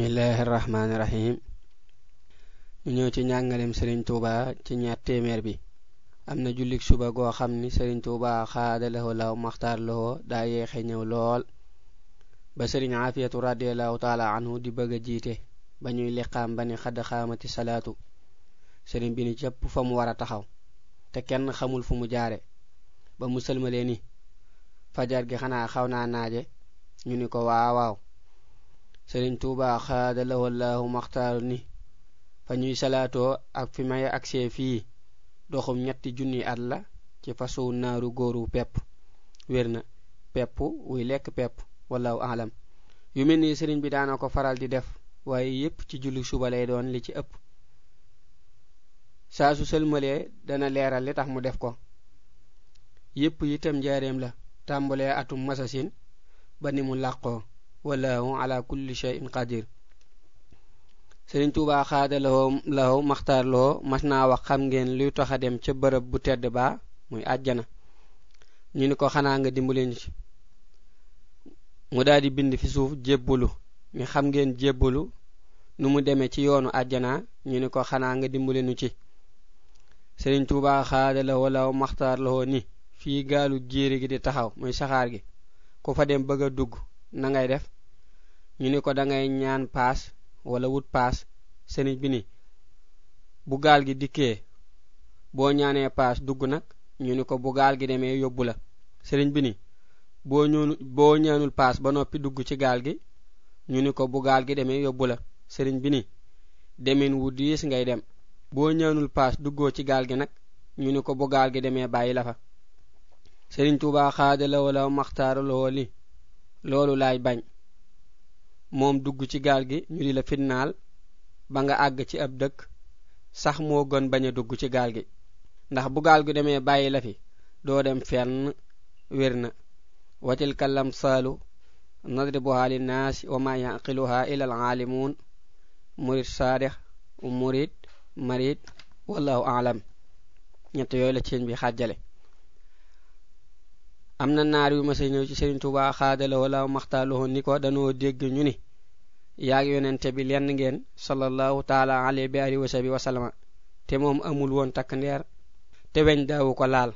bismillahi rahmaani rahim ñu ñëw ci njàngalem sëriñ tuuba ci ñaar téeméer bi am na jullik suba goo xam ni sëriñ tuuba xaadalahoo law maxtaar lahoo daa yeexe ñëw lool ba sëriñ aafiyatu radiallahu taala anhu di bëgg a jiite ba ñuy liqaam ba ni xadd xaamati salaatu sëriñ bi ni cëpp fa mu war a taxaw te kenn xamul fu mu jaare ba mu ni fajar gi xanaa xaw naa naaje ñu ni ko waawaaw serigne touba khadalahu allah makhtarni ni fa ñuy salato ak fi may agsee fi doxum ñetti junni at la ci fasu naru goru pep werna pep wuy lekk pepp wallahu alam yu melni serigne bi daana ko faral di def waye yep ci julli suba lay doon li ci ëpp sa su sëlmalee dana leral li tax mu def ko yep itam njaareem la tàmbalee atum masasin ba ni mu làqoo wallahu ala kulli shay'in qadir serigne touba xaada lawo lawo maxtaar loo mas wax xam ngeen luy tax a dem ca beurep bu tedd ba muy aljana ñu ni ko xana nga dimbali ñu ci mu daal di bind fi suuf jébbalu ñu xam ngeen jébbalu nu mu deme ci yoonu aljana ñu ni ko xana nga dimbali ñu ci serigne touba xaada law lawo maktar loo ni fi gaalu jere gi di taxaw muy saxar gi ku fa dem bëgg dugg na ngay def ñu ni ko da ngay ñaan paas wala wut paas sëniñ bi ni bu gaal gi dikkee boo ñaanee paas dugg nag ñu ni ko bu gaal gi demee yóbbu la sëriñ bi ni boo ñuul boo ñaanul paas ba noppi dugg ci gaal gi ñu ni ko bu gaal gi demee yóbbu la sëriñ bi ni demin wu diis ngay dem boo ñaanul paas duggoo ci gaal gi nag ñu ni ko bu gaal gi demee bàyyi la fa sëriñ tuubaa xaada la wala maxtaar loo li loolu laay bañ moom dugg ci gaal gi ñu di la fitnaal ba nga àgg ci ab dëkk sax moo gën bañ a dugg ci gaal gi ndax bu gaal gi demee bàyyi la fi doo dem fenn wér na wa tilka lamsaalu nadribuha linnaasi wa ma yaqiluha ila alaalimuun murid saadix murid marid wallahu aalam ñett yooyu la seen bi xàjjale am na naar yu masa ñëw ci Sëriñ Tuubaa xaadala wala maxtaaloo ni ko danoo dégg ñu ni yaag yonente bi lenn ngeen sallallahu taala alayhi bi ali wasabi wasalama te moom amul woon takk ndeer te weñ daawu ko laal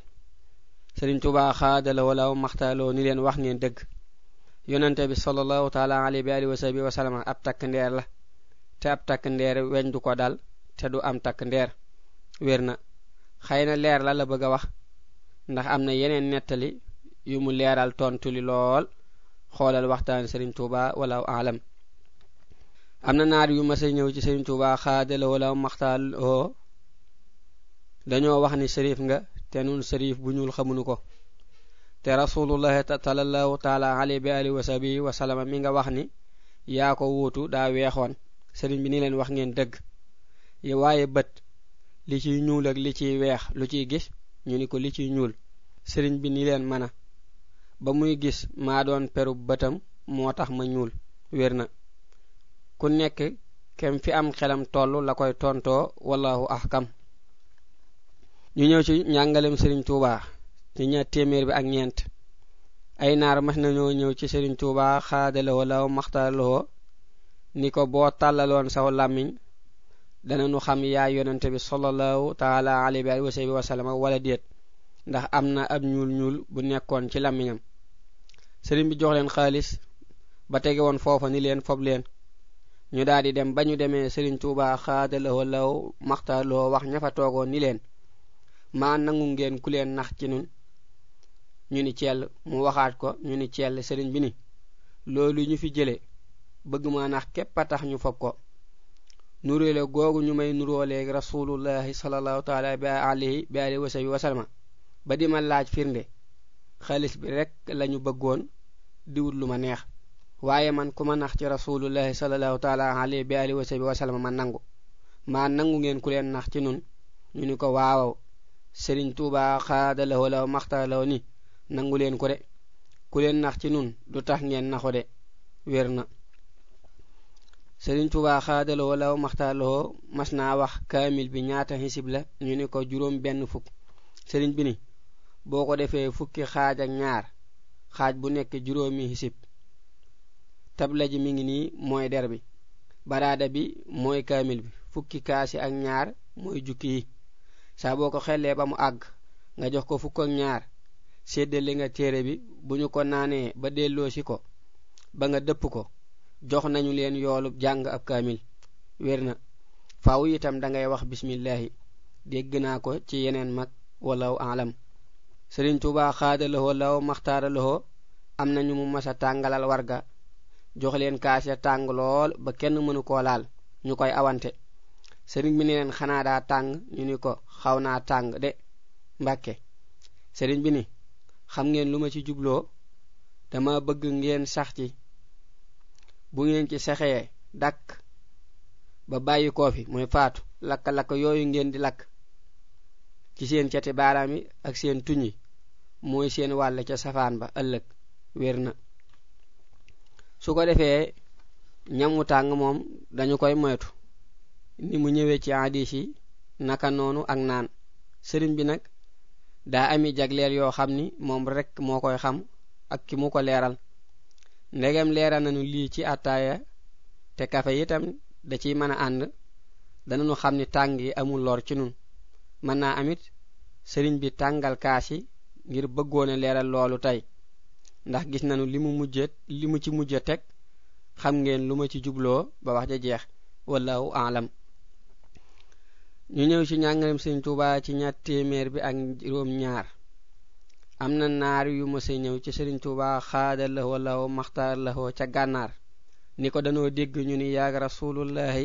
Sëriñ Tuubaa xaadala wala maxtaaloo ni leen wax ngeen dëgg yonente bi sallallahu taala alayhi bi ali wasabi wasalama ab takk ndeer la te ab takk ndeer weñ du ko dal te du am takk ndeer wér na xëy na leer la la bëgg a wax ndax am na yeneen nettali yu mu leeral tontu li lool xoolal waxtaan sëriñ tuuba wala alam am na naar yu masa ñëw ci sëriñ tuuba xaadala wala maxtaal oo dañoo wax ni sërif nga te nun sërif bu ñuul xamunu ko te rasulullahi salallahu taala alayhi bi alihi wa sabi wa salama mi nga wax ni yaa ko wuutu daa weexoon sëriñ bi ni leen wax ngeen dëgg waaye bët li ci ñuul ak li ci weex lu ci gis ñu ni ko li ci ñuul sëriñ bi ni leen mën ba muy gis maa doon peru bëtam moo tax ma ñuul wér na ku nekk kem fi am xelam tollu la koy tontoo wallahu ahkam ñu ñëw ci njàngalem sëriñ tuuba ci ñaar téeméer bi ak ñeent ay naar mas nañoo ñëw ci sëriñ tuubaa xaadalawoo law maxtalawoo ni ko boo tàllaloon saw làmmiñ nu xam yaa yonente bi sallallahu taala alayhi wa sallam wala déet ndax am na ab ñuul ñuul bu nekkoon ci làmmiñam sëriñ bi jox leen xaalis ba tege woon foofa ni leen fob leen ñu daal di dem ba ñu demee sëriñ tuuba xaada la law maxta loo wax ñafa toogoo ni leen maa nangu ngeen ku leen nax ci nun ñu ni ciel mu waxaat ko ñu ni ciel sëriñ bi ni loolu ñu fi jële bëgg maa nax képpa tax ñu fob ko nuróole googu ñu may nuróoleeg rasulullahi salallahu taala bi alayhi bi alayhi wa sabi wasalama ba di ma laaj firnde xaalis bi rek la ñu bëggoon di wut lu ma neex waaye man kuma nax ci rasulullahi salallahu taala alayhi bi alihi wasabi wasalama ma nangu ma nangu ngeen ku leen nax ci nun ñu ni ko waawaw sëriñ tuuba xaada lawo law maxta law ni nangu leen ko de ku leen nax ci nun du tax ngeen naxu de wér na sëriñ tuuba xaada lawo law maxta lawo mas naa wax kaamil bi ñaata xisib la ñu ni ko juróom benn fukk sëriñ bi ni boo ko defee fukki xaaj ak ñaar xaaj bu nekk juróomi hisib tabla ji mi ngi nii mooy der bi baraada bi mooy kaamil bi fukki kaasi ak ñaar mooy jukki yi saa boo ko xellee ba mu àgg nga jox ko fukk ak ñaar seddali nga téere bi bu ñu ko naanee ba delloo si ko ba nga dëpp ko jox nañu leen yoolu jàng ab kaamil wér na faaw itam da ngay wax bismillahi dégg naa ko ci yeneen mag walaw alam sëriñ tuuba xaada loxo law maxtaara loxo am na ñu mu masa tàngalal warga jox leen kaas ya lool ba kenn mënu ko laal ñu koy awante sëriñ bi ni leen xanaa daa tàng ñu ni ko xaw naa de mbàkke sëriñ bi ni xam ngeen lu ma ci jublo dama bëgg ngeen sax ci bu ngeen ci saxee dàkk ba bayyi koo fi mooy faatu lakk-lakk yooyu ngeen di lakk ci seen cati baram yi ak seen tuñ yi mooy seen wàll ca safaan ba ëllëg wér na su ko defee ñamu tàng moom dañu koy moytu ni mu ñëwee ci adis yi naka noonu ak naan sëriñ bi nag daa ami jagleel yoo xam ni moom rek moo koy xam ak ki mu ko leeral ndegem leeral nañu lii ci attaaya te kafe itam da ciy mën a ànd danañu xam ni tàng yi amul lor ci nun mën naa amit sëriñ bi tàngal kaas yi ngir bëggoon a leeral loolu tey ndax gis nañu li mu mujj li mu ci mujj teg xam ngeen lu ma ci jubloo ba wax ja jeex wallahu alam. ñu ñëw ci njàngalem sëñ Tuubaa ci ñaar téeméer bi ak juróom ñaar am na naar yu ma mësa ñëw ci sëriñ Tuubaa xaada lahoo lahoo maxtaar lahoo ca gànnaar ni ko danoo dégg ñu ni yaag rasulullahi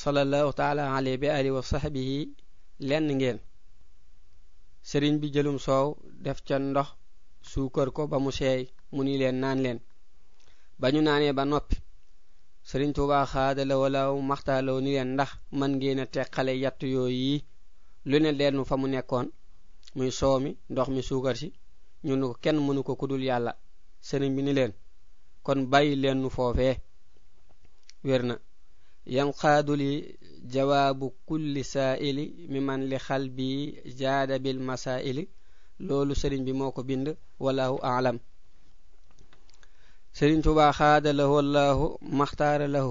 sallallahu taala alayhi bi alihi wa sahbihi lenn ngeen sëriñ bi jëlum soow def ca ndox suukar ko ba mu seey mu ni leen naan leen ba ñu naanee ba noppi sëriñ Tuubaa xaadala walaw maxtaaloo ni leen ndax man ngeen a teqale yatt yooyu yi lu ne leenu fa mu nekkoon muy soow mi ndox mi suukar si ñu ko kenn mënu ko kudul yàlla sëriñ bi ni leen kon bàyyi leen nu foofee wér na ينقاد لي جواب كل سائل ممن لخلبي جاد بالمسائل لولو سرين بموكو بند والله أعلم سرين توبا خاد له الله مختار له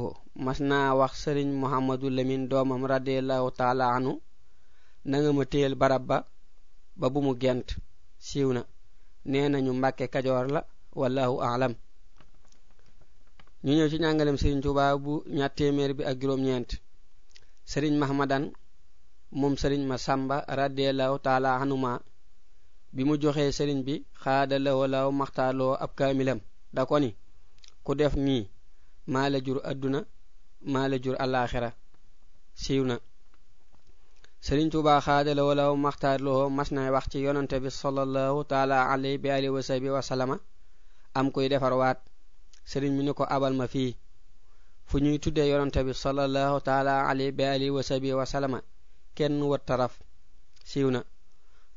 مسنا وخ سرين محمد لمن دوم رضي الله تعالى عنه نغم تيل بربا بابو مجنت سيونا نينا نمبك كجور والله أعلم ñu ñëw ci njàngalem Serigne Touba bu ñaat téeméer bi ak juróom-ñeent Serigne mahamadan moom Serigne Masamba radiyallahu taala anuma bi mu joxee Serigne bi xaada lawalaw maxtaaloo ab kaamilam da ko ni ku def nii maa la jur aduna maa la jur alaaxira siiw na Serigne Touba xaada lawalaw maxtaaloo mas nay wax ci yonante bi sallallahu taala alayhi bi alihi wa sahbihi am koy defar waat sëriñ bi ni ko abal ma fii fu ñuy tuddee yonante bi sallallahu taala alayhi bi alihi wa sabi wa salama kenn wat taraf siiw na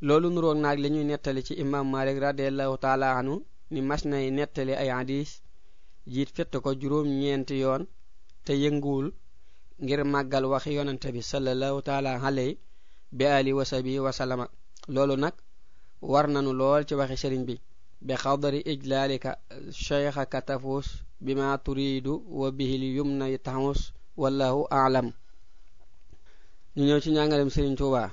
loolu nuroog naag li ñuy nettali ci imam malik radiallahu taala anu ni mas nay nettali ay hadis jiit fett ko juróom ñeenti yoon te yënguwul ngir màggal waxi yonante bi sallallahu taala alayhi bi alihi wa sabi wa salama loolu nag war nanu lool ci waxi sëriñ bi بقدر إجلالك شيخك تفوز بما تريد وبه اليمنى تحوز والله أعلم ñu ñëw ci njàngalem Serigne Touba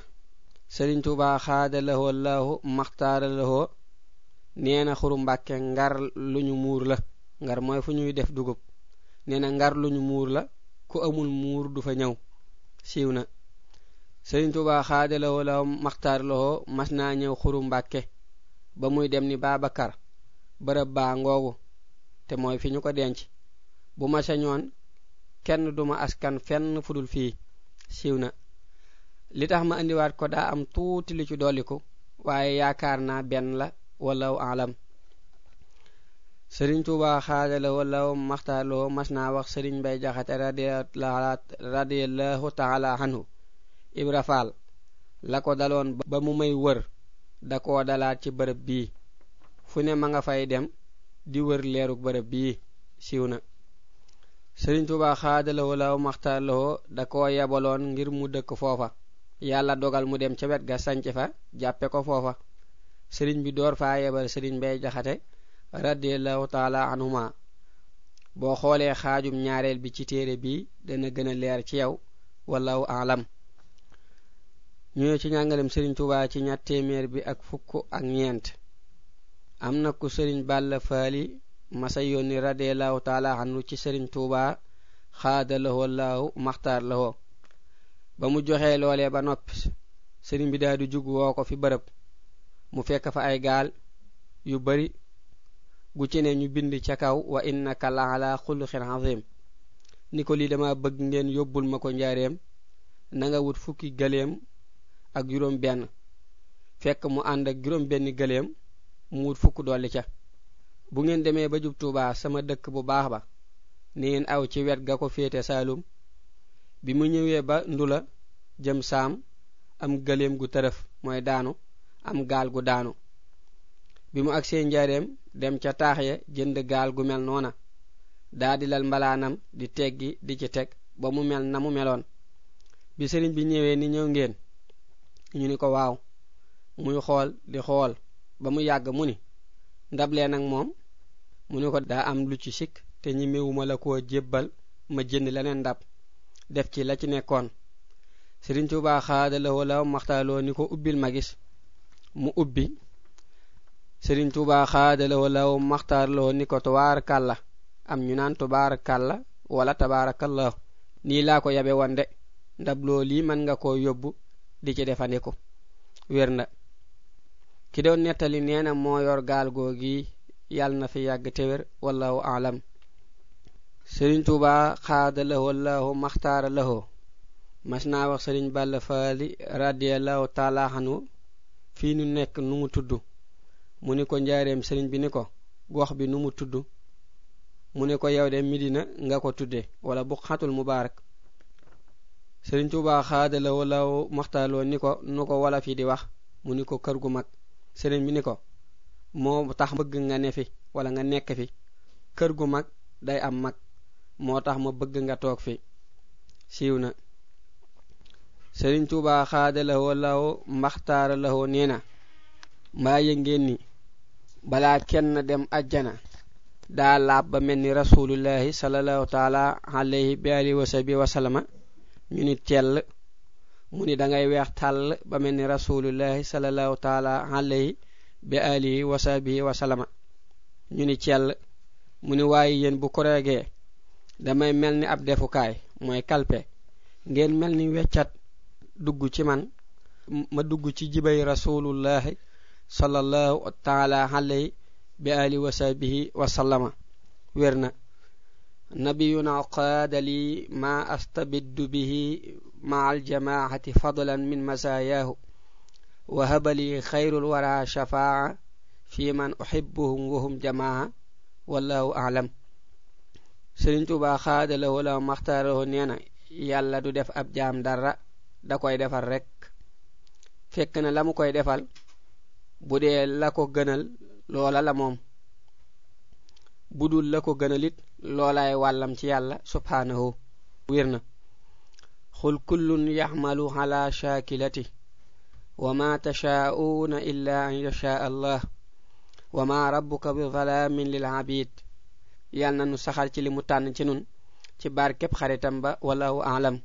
Serigne Touba xaada lahoo laahu maxtaara lahoo na xuru ngar lu ñu muur la ngar mooy fu ñuy dugub nee na ngar lu ñu muur la ku amul muur du fa ñëw siiw na Serigne Touba mas ba muy dem ni babakar bërëb baa ngoogu te mooy fi ñu ko denc bu ma sañoon kenn duma askan fenn fudul fii siiw na li tax ma indiwaat ko daa am tuuti li ci dolliku waaye yaakaar naa benn la walaw alam sëriñ Tuubaa xaadala walaw maxtaaloo mas naa wax sëriñ Mbay Jaxate radiallahu taala anhu Ibra Faal la ko daloon ba mu may wër da ko dalaat ci bërëb bii fu ne ma nga fay dem di wër leerug bërëb bii siiw na sëriñ tuba xaadalawoo law maxtaalawoo da ko yabalon ngir mu dëkk foofa yàlla dogal mu dem ca wet ga sanc fa jàppe ko foofa sëriñ bi door faa yebal sëriñ Mbay Jaxate radiallahu taala anhuma boo xoolee xaajum ñaareel bi ci téere bi dana gën a leer ci yow wallahu alam ñëw ci njàngalem sëriñ Tuubaa ci ñaat téeméer bi ak fukk ak ñeent am na ku sëriñ Balla Faali masa yónni radiallahu taala anhu ci sëriñ Tuubaa xaada lahoo laahu maxtaar ba mu joxee loolee ba noppi sëriñ bi daal di jug woo fi bërëb mu fekk fa ay gaal yu bari gu ci ne ñu bind ca kaw wa innaka la ala azim ni ko lii dama bëgg ngeen yóbbul ma ko njaareem na nga wut fukki galem. ak juróom benn fekk mu ànd ak juróom benn gëléem mu wut fukk dolli ca bu ngeen demee ba jub Tuubaa sama dëkk bu baax ba ni ngeen aw ci wet ga ko féete Saalum bi mu ñëwee ba ndula jëm saam am galem gu taraf mooy daanu am gaal gu daanu bi mu agsee njaareem dem ca taax ya jënd gaal gu mel noona daa di lal mbalaanam di teggi di ci teg ba mu mel na mu meloon bi sëriñ bi ñëwee ni ñëw ngeen ñu ni ko waaw muy xool di xool ba mu yàgg mu ni ndablee nag moom mu ni ko daa am lu ci sikk te ñimewuma la koo jébbal ma jënd leneen ndab def ci la ci nekkoon Sëriñ Tuubaa xaadalawoo law maxtaaloo ni ko ubbil ma gis mu ubbi Sëriñ Tuubaa xaadalawoo law maxtaaloo ni ko tubaar kàlla am ñu naan tubaar kàlla wala tabaarakallaahu nii laa ko yabe woon de ndab loo lii man nga koo yóbbu di ci defandiku wér na ki doon nettali nee na moo yor gaal googi yàll na fi yàgg téwér wallahu alam sëriñ tuuba xaada lahoo lahu maxtaara lahoo mas naa wax sëriñ bàll faali radiallahu taala xanu. fii nu nekk nu mu tudd mu ni ko njaareem sëriñ bi ni ko gox bi nu mu tudd mu ni ko yow de midina nga ko tudde wala bu buqatul mubaarak serigne touba xaadalawo wala maxtaaloo ni ko nu ko wala fi di wax mu ni ko kër gu mag sëriñ bi ni ko moo tax bëgg nga ne fi wala nga nekk fi kër gu mag day am mag moo tax ma bëgg nga toog fi siiw na touba Tuubaa wala maktar la ho na mbaa yëngeen ni balaa kenn dem ajjana daa laab ba mel ni rasulullahi salallahu taala alayhi bi alihi wa sabi wa salama ñu ni tell mu ni da ngay weex tàll ba mel ni rasulullahi salallahu taala alayhi bi alihi wa sahbihi wa salama ñu ni cell mu ni waaye yéen bu ko reegee damay mel ni ab defukaay mooy kalpe ngeen mel ni weccat dugg ci man ma dugg ci jibay rasulullahi salallahu taala alayhi bi alihi wa sahbihi wa salama wér na نبينا قاد لي ما أستبد به مع الجماعة فضلا من مزاياه وهب لي خير الورى شفاعة في من أحبهم وهم جماعة والله أعلم سرين توبا خاد له لو مختاره نينا يالا دو دف أب جام دارا دا كوي دفال رك فكنا لمو كوي دفال بودي لكو جنل لولا لموم budul la ko gënalit loolaay wàllam ci yàlla subhaanahu wirna na xul kullun yaxmalu ala shaakilati wa ma illa an yasha allah wa ma rabbuka bi zalaamin lil abid yàl na nu saxal ci limu mu tànn ci nun ci baar képp xaritam ba wallahu